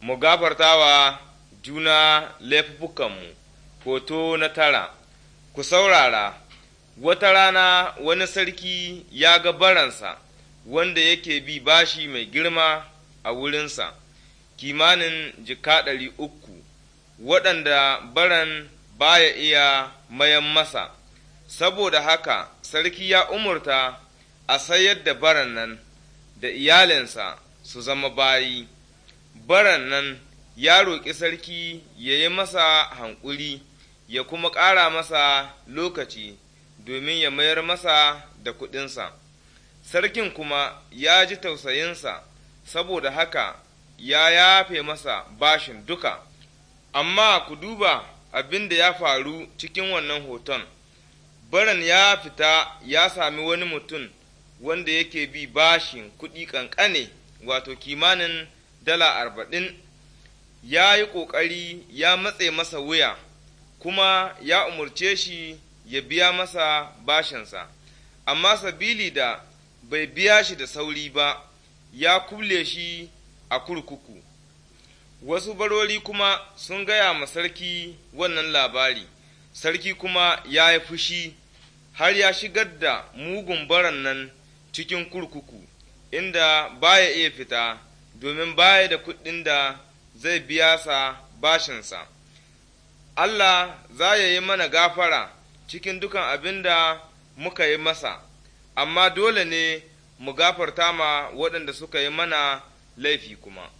mu gafartawa juna laifukanmu hoto na tara ku saurara wata rana wani sarki ya ga baransa wanda yake bi bashi mai girma a wurinsa kimanin jika ɗari uku waɗanda baran baya iya mayan masa saboda haka sarki ya umurta a sayar da baran nan da iyalinsa su zama bayi baran nan ya roƙi sarki ya yi masa hankuli ya kuma ƙara masa lokaci domin ya mayar masa da kuɗinsa. Sarkin kuma ya ji tausayinsa, saboda haka ya yafe masa bashin duka. Amma ku duba abin da ya faru cikin wannan hoton, baran ya fita ya sami wani mutum wanda yake bi bashin kuɗi ƙanƙane, wato kimanin dala arba'in ya yi ƙoƙari ya matse masa wuya kuma ya umarce shi ya biya masa bashinsa amma sabili da bai biya shi da sauri ba ya kulle shi a kurkuku wasu barori kuma sun gaya ma sarki wannan labari sarki kuma ya yi fushi har ya shigar da mugun baran nan cikin kurkuku inda baya iya fita domin baya da kuɗin da zai biya sa bashinsa. Allah za ya yi mana gafara cikin dukan abin da muka yi masa, amma dole ne mu gafarta ma waɗanda suka yi mana laifi kuma.